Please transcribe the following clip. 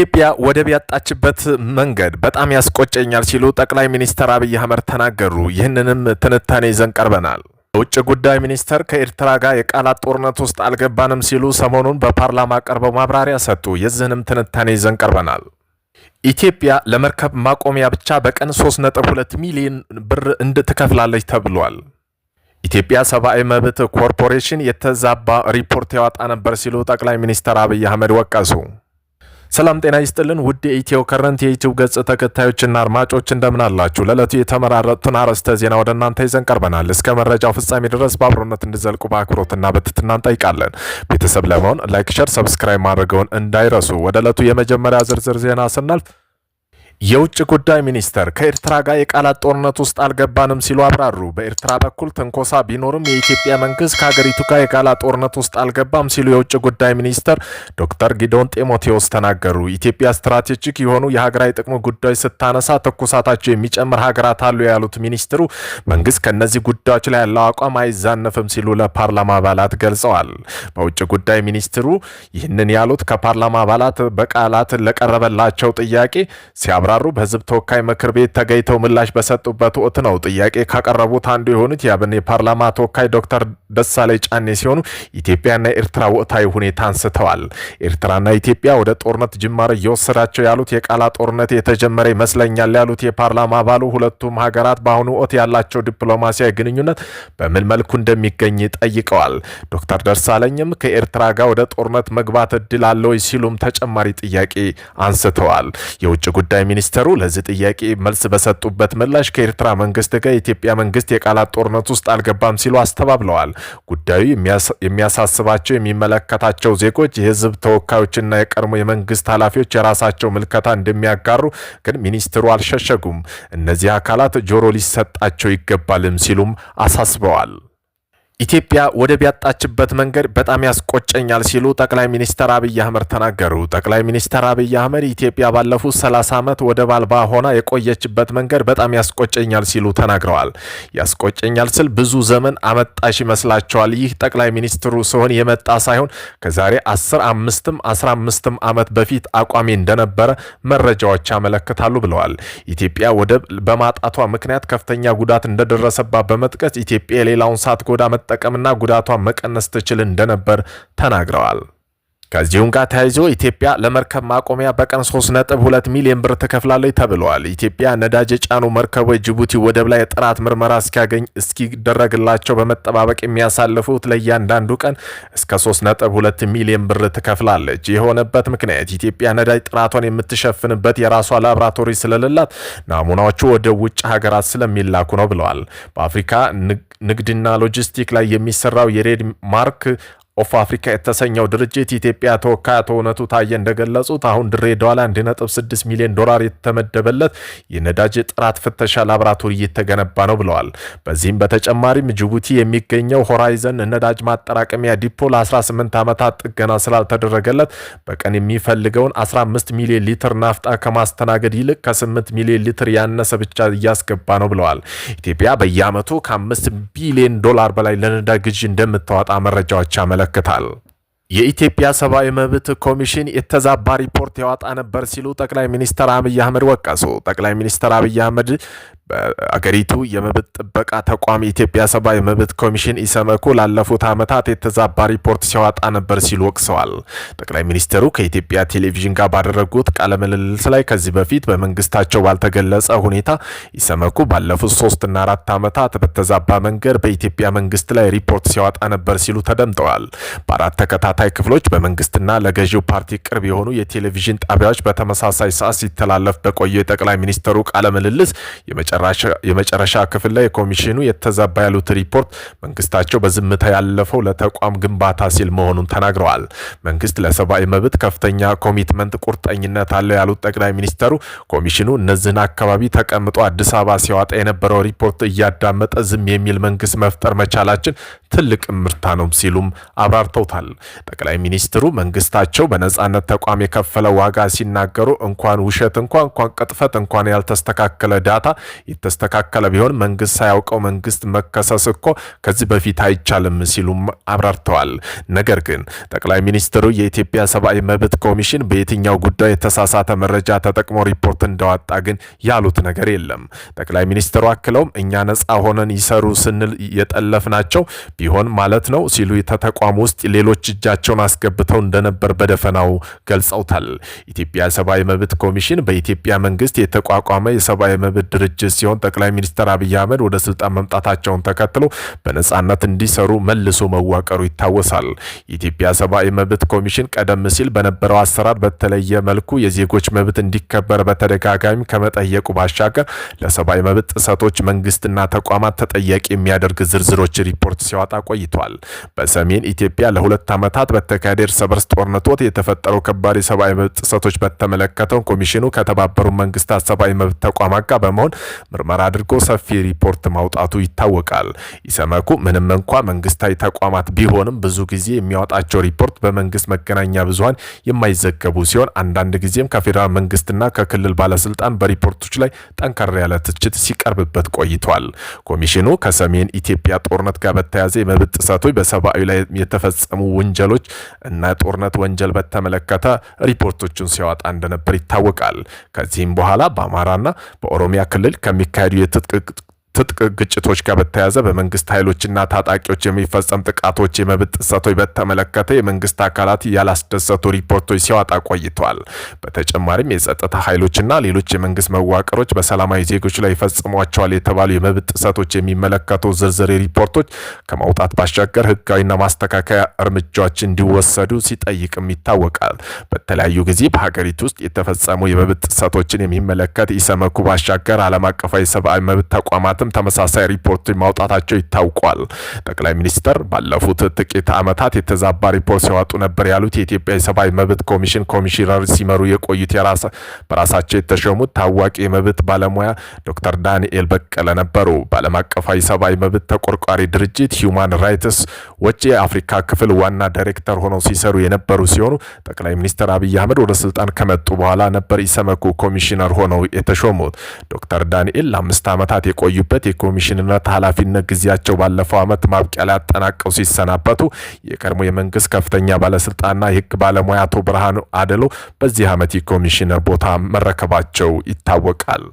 ኢትዮጵያ ወደብ ያጣችበት መንገድ በጣም ያስቆጨኛል ሲሉ ጠቅላይ ሚኒስትር አብይ አህመድ ተናገሩ። ይህንንም ትንታኔ ይዘን ቀርበናል። የውጭ ጉዳይ ሚኒስተር ከኤርትራ ጋር የቃላት ጦርነት ውስጥ አልገባንም ሲሉ ሰሞኑን በፓርላማ ቀርበው ማብራሪያ ሰጡ። የዚህንም ትንታኔ ይዘን ቀርበናል። ኢትዮጵያ ለመርከብ ማቆሚያ ብቻ በቀን 3.2 ሚሊዮን ብር እንድትከፍላለች ተብሏል። ኢትዮጵያ ሰብአዊ መብት ኮርፖሬሽን የተዛባ ሪፖርት ያወጣ ነበር ሲሉ ጠቅላይ ሚኒስትር አብይ አህመድ ወቀሱ። ሰላም ጤና ይስጥልን ውድ የኢትዮ ከረንት የዩቲዩብ ገጽ ተከታዮችና አድማጮች እንደምን አላችሁ? ለዕለቱ የተመራረጡትን አርዕስተ ዜና ወደ እናንተ ይዘን ቀርበናል። እስከ መረጃው ፍጻሜ ድረስ በአብሮነት እንዲዘልቁ በአክብሮትና በትትና እንጠይቃለን። ቤተሰብ ለመሆን ላይክ፣ ሸር፣ ሰብስክራይብ ማድረገውን እንዳይረሱ። ወደ ዕለቱ የመጀመሪያ ዝርዝር ዜና ስናልፍ የውጭ ጉዳይ ሚኒስተር ከኤርትራ ጋር የቃላት ጦርነት ውስጥ አልገባንም ሲሉ አብራሩ። በኤርትራ በኩል ትንኮሳ ቢኖርም የኢትዮጵያ መንግስት ከሀገሪቱ ጋር የቃላት ጦርነት ውስጥ አልገባም ሲሉ የውጭ ጉዳይ ሚኒስተር ዶክተር ጊዶን ጢሞቴዎስ ተናገሩ። ኢትዮጵያ ስትራቴጂክ የሆኑ የሀገራዊ ጥቅም ጉዳዮች ስታነሳ ትኩሳታቸው የሚጨምር ሀገራት አሉ ያሉት ሚኒስትሩ መንግስት ከእነዚህ ጉዳዮች ላይ ያለው አቋም አይዛነፍም ሲሉ ለፓርላማ አባላት ገልጸዋል። በውጭ ጉዳይ ሚኒስትሩ ይህንን ያሉት ከፓርላማ አባላት በቃላት ለቀረበላቸው ጥያቄ ሲያብራ ሲያብራሩ በህዝብ ተወካይ ምክር ቤት ተገኝተው ምላሽ በሰጡበት ወቅት ነው ጥያቄ ካቀረቡት አንዱ የሆኑት የአብን የፓርላማ ተወካይ ዶክተር ደሳለኝ ጫኔ ሲሆኑ ኢትዮጵያና ኤርትራ ወቅታዊ ሁኔታ አንስተዋል። ኤርትራና ኢትዮጵያ ወደ ጦርነት ጅማር እየወሰዳቸው ያሉት የቃላት ጦርነት የተጀመረ ይመስለኛል ያሉት የፓርላማ አባሉ ሁለቱም ሀገራት በአሁኑ ወቅት ያላቸው ዲፕሎማሲያዊ ግንኙነት በምን መልኩ እንደሚገኝ ጠይቀዋል። ዶክተር ደሳለኝም ከኤርትራ ጋር ወደ ጦርነት መግባት እድል አለ ወይ ሲሉም ተጨማሪ ጥያቄ አንስተዋል። የውጭ ጉዳይ ሚኒ ሚኒስተሩ ለዚህ ጥያቄ መልስ በሰጡበት ምላሽ ከኤርትራ መንግስት ጋር የኢትዮጵያ መንግስት የቃላት ጦርነት ውስጥ አልገባም ሲሉ አስተባብለዋል። ጉዳዩ የሚያሳስባቸው የሚመለከታቸው ዜጎች፣ የህዝብ ተወካዮችና የቀድሞ የመንግስት ኃላፊዎች የራሳቸው ምልከታ እንደሚያጋሩ ግን ሚኒስትሩ አልሸሸጉም። እነዚህ አካላት ጆሮ ሊሰጣቸው ይገባልም ሲሉም አሳስበዋል። ኢትዮጵያ ወደብ ያጣችበት መንገድ በጣም ያስቆጨኛል ሲሉ ጠቅላይ ሚኒስትር አብይ አህመድ ተናገሩ። ጠቅላይ ሚኒስትር አብይ አህመድ ኢትዮጵያ ባለፉት 30 ዓመት ወደብ አልባ ሆና የቆየችበት መንገድ በጣም ያስቆጨኛል ሲሉ ተናግረዋል። ያስቆጨኛል ስል ብዙ ዘመን አመጣሽ ይመስላቸዋል። ይህ ጠቅላይ ሚኒስትሩ ሲሆን የመጣ ሳይሆን ከዛሬ 15ም 15ም ዓመት በፊት አቋሚ እንደነበረ መረጃዎች ያመለክታሉ ብለዋል። ኢትዮጵያ ወደብ በማጣቷ ምክንያት ከፍተኛ ጉዳት እንደደረሰባት በመጥቀስ ኢትዮጵያ የሌላውን ሳትጎዳ መጠቀምና ጉዳቷን መቀነስ ትችል እንደነበር ተናግረዋል። ከዚሁም ጋር ተያይዞ ኢትዮጵያ ለመርከብ ማቆሚያ በቀን 3.2 ሚሊዮን ብር ተከፍላለች ተብለዋል። ኢትዮጵያ ነዳጅ የጫኑ መርከቦች ጅቡቲ ወደብ ላይ የጥራት ምርመራ እስኪያገኝ እስኪደረግላቸው በመጠባበቅ የሚያሳልፉት ለእያንዳንዱ ቀን እስከ 3.2 ሚሊዮን ብር ትከፍላለች። የሆነበት ምክንያት ኢትዮጵያ ነዳጅ ጥራቷን የምትሸፍንበት የራሷ ላብራቶሪ ስለሌላት ናሙናዎቹ ወደ ውጭ ሀገራት ስለሚላኩ ነው ብለዋል። በአፍሪካ ንግድና ሎጂስቲክ ላይ የሚሰራው የሬድ ማርክ ኦፍ አፍሪካ የተሰኘው ድርጅት ኢትዮጵያ ተወካይ አቶ እውነቱ ታየ እንደገለጹት አሁን ድሬዳዋ ላይ 1.6 ሚሊዮን ዶላር የተመደበለት የነዳጅ ጥራት ፍተሻ ላብራቶሪ እየተገነባ ነው ብለዋል። በዚህም በተጨማሪም ጅቡቲ የሚገኘው ሆራይዘን ነዳጅ ማጠራቀሚያ ዲፖ ለ18 ዓመታት ጥገና ስላልተደረገለት በቀን የሚፈልገውን 15 ሚሊዮን ሊትር ናፍጣ ከማስተናገድ ይልቅ ከ8 ሚሊዮን ሊትር ያነሰ ብቻ እያስገባ ነው ብለዋል። ኢትዮጵያ በየዓመቱ ከ5 ቢሊዮን ዶላር በላይ ለነዳጅ ግዢ እንደምታወጣ መረጃዎች አመለ ይመለከታል። የኢትዮጵያ ሰብአዊ መብት ኮሚሽን የተዛባ ሪፖርት ያወጣ ነበር ሲሉ ጠቅላይ ሚኒስትር አብይ አህመድ ወቀሱ። ጠቅላይ ሚኒስትር አብይ አህመድ በአገሪቱ የመብት ጥበቃ ተቋም የኢትዮጵያ ሰብአዊ መብት ኮሚሽን ኢሰመኮ ላለፉት ዓመታት የተዛባ ሪፖርት ሲያወጣ ነበር ሲሉ ወቅሰዋል። ጠቅላይ ሚኒስትሩ ከኢትዮጵያ ቴሌቪዥን ጋር ባደረጉት ቃለ ምልልስ ላይ ከዚህ በፊት በመንግስታቸው ባልተገለጸ ሁኔታ ኢሰመኮ ባለፉት ሶስትና አራት ዓመታት በተዛባ መንገድ በኢትዮጵያ መንግስት ላይ ሪፖርት ሲያወጣ ነበር ሲሉ ተደምጠዋል። በአራት ተከታታይ ተከታታይ ክፍሎች በመንግስትና ለገዢው ፓርቲ ቅርብ የሆኑ የቴሌቪዥን ጣቢያዎች በተመሳሳይ ሰዓት ሲተላለፍ በቆየው የጠቅላይ ሚኒስትሩ ቃለ ምልልስ የመጨረሻ ክፍል ላይ የኮሚሽኑ የተዛባ ያሉት ሪፖርት መንግስታቸው በዝምታ ያለፈው ለተቋም ግንባታ ሲል መሆኑን ተናግረዋል። መንግስት ለሰብአዊ መብት ከፍተኛ ኮሚትመንት ቁርጠኝነት አለው ያሉት ጠቅላይ ሚኒስትሩ ኮሚሽኑ እነዚህን አካባቢ ተቀምጦ አዲስ አበባ ሲያወጣ የነበረው ሪፖርት እያዳመጠ ዝም የሚል መንግስት መፍጠር መቻላችን ትልቅ ምርታ ነው ሲሉም አብራርተውታል። ጠቅላይ ሚኒስትሩ መንግስታቸው በነጻነት ተቋም የከፈለ ዋጋ ሲናገሩ እንኳን ውሸት እንኳ እንኳን ቅጥፈት እንኳን ያልተስተካከለ ዳታ የተስተካከለ ቢሆን መንግስት ሳያውቀው መንግስት መከሰስ እኮ ከዚህ በፊት አይቻልም ሲሉም አብራርተዋል። ነገር ግን ጠቅላይ ሚኒስትሩ የኢትዮጵያ ሰብአዊ መብት ኮሚሽን በየትኛው ጉዳይ የተሳሳተ መረጃ ተጠቅሞ ሪፖርት እንዳወጣ ግን ያሉት ነገር የለም። ጠቅላይ ሚኒስትሩ አክለውም እኛ ነጻ ሆነን ይሰሩ ስንል የጠለፍናቸው ቢሆን ማለት ነው ሲሉ ተተቋም ውስጥ ሌሎች እጃቸው እጃቸውን አስገብተው እንደነበር በደፈናው ገልጸውታል። ኢትዮጵያ ሰብአዊ መብት ኮሚሽን በኢትዮጵያ መንግስት የተቋቋመ የሰብአዊ መብት ድርጅት ሲሆን ጠቅላይ ሚኒስትር አብይ አህመድ ወደ ስልጣን መምጣታቸውን ተከትሎ በነጻነት እንዲሰሩ መልሶ መዋቀሩ ይታወሳል። የኢትዮጵያ ሰብአዊ መብት ኮሚሽን ቀደም ሲል በነበረው አሰራር በተለየ መልኩ የዜጎች መብት እንዲከበር በተደጋጋሚ ከመጠየቁ ባሻገር ለሰብአዊ መብት ጥሰቶች መንግስትና ተቋማት ተጠያቂ የሚያደርግ ዝርዝሮች ሪፖርት ሲያወጣ ቆይቷል። በሰሜን ኢትዮጵያ ለሁለት ዓመታት ዓመታት በተካሄደ እርስ በርስ ጦርነት ወቅት የተፈጠረው ከባድ የሰብአዊ መብት ጥሰቶች በተመለከተው ኮሚሽኑ ከተባበሩ መንግስታት ሰብአዊ መብት ተቋማት ጋር በመሆን ምርመራ አድርጎ ሰፊ ሪፖርት ማውጣቱ ይታወቃል። ኢሰመኩ ምንም እንኳ መንግስታዊ ተቋማት ቢሆንም ብዙ ጊዜ የሚያወጣቸው ሪፖርት በመንግስት መገናኛ ብዙኃን የማይዘገቡ ሲሆን አንዳንድ ጊዜም ከፌዴራል መንግስትና ከክልል ባለስልጣን በሪፖርቶች ላይ ጠንከር ያለ ትችት ሲቀርብበት ቆይቷል። ኮሚሽኑ ከሰሜን ኢትዮጵያ ጦርነት ጋር በተያያዘ የመብት ጥሰቶች በሰብአዊ ላይ የተፈጸሙ ወንጀል ወንጀሎች እና ጦርነት ወንጀል በተመለከተ ሪፖርቶችን ሲያወጣ እንደነበር ይታወቃል። ከዚህም በኋላ በአማራና በኦሮሚያ ክልል ከሚካሄዱ የትጥቅ ትጥቅ ግጭቶች ጋር በተያያዘ በመንግስት ኃይሎችና ታጣቂዎች የሚፈጸም ጥቃቶች፣ የመብት ጥሰቶች በተመለከተ የመንግስት አካላት ያላስደሰቱ ሪፖርቶች ሲያወጣ ቆይተዋል። በተጨማሪም የጸጥታ ኃይሎችና ሌሎች የመንግስት መዋቅሮች በሰላማዊ ዜጎች ላይ ይፈጽሟቸዋል የተባሉ የመብት ጥሰቶች የሚመለከቱ ዝርዝር ሪፖርቶች ከማውጣት ባሻገር ህጋዊና ማስተካከያ እርምጃዎች እንዲወሰዱ ሲጠይቅም ይታወቃል። በተለያዩ ጊዜ በሀገሪቱ ውስጥ የተፈጸሙ የመብት ጥሰቶችን የሚመለከት ኢሰመኩ ባሻገር ዓለም አቀፋዊ ሰብአዊ መብት ተቋማት አካላትም ተመሳሳይ ሪፖርት ማውጣታቸው ይታውቋል። ጠቅላይ ሚኒስተር ባለፉት ጥቂት ዓመታት የተዛባ ሪፖርት ሲያወጡ ነበር ያሉት የኢትዮጵያ የሰብአዊ መብት ኮሚሽን ኮሚሽነር ሲመሩ የቆዩት በራሳቸው የተሾሙት ታዋቂ የመብት ባለሙያ ዶክተር ዳንኤል በቀለ ነበሩ። በዓለም አቀፋዊ ሰብአዊ መብት ተቆርቋሪ ድርጅት ሂውማን ራይትስ ወጪ የአፍሪካ ክፍል ዋና ዳይሬክተር ሆነው ሲሰሩ የነበሩ ሲሆኑ ጠቅላይ ሚኒስትር አብይ አህመድ ወደ ስልጣን ከመጡ በኋላ ነበር ኢሰመኮ ኮሚሽነር ሆነው የተሾሙት። ዶክተር ዳንኤል ለአምስት ዓመታት የቆዩ በሚገኙበት የኮሚሽንነት ኃላፊነት ጊዜያቸው ባለፈው ዓመት ማብቂያ ላይ አጠናቀው ሲሰናበቱ የቀድሞ የመንግስት ከፍተኛ ባለስልጣንና የህግ ባለሙያ አቶ ብርሃኑ አደሎ በዚህ ዓመት የኮሚሽነር ቦታ መረከባቸው ይታወቃል።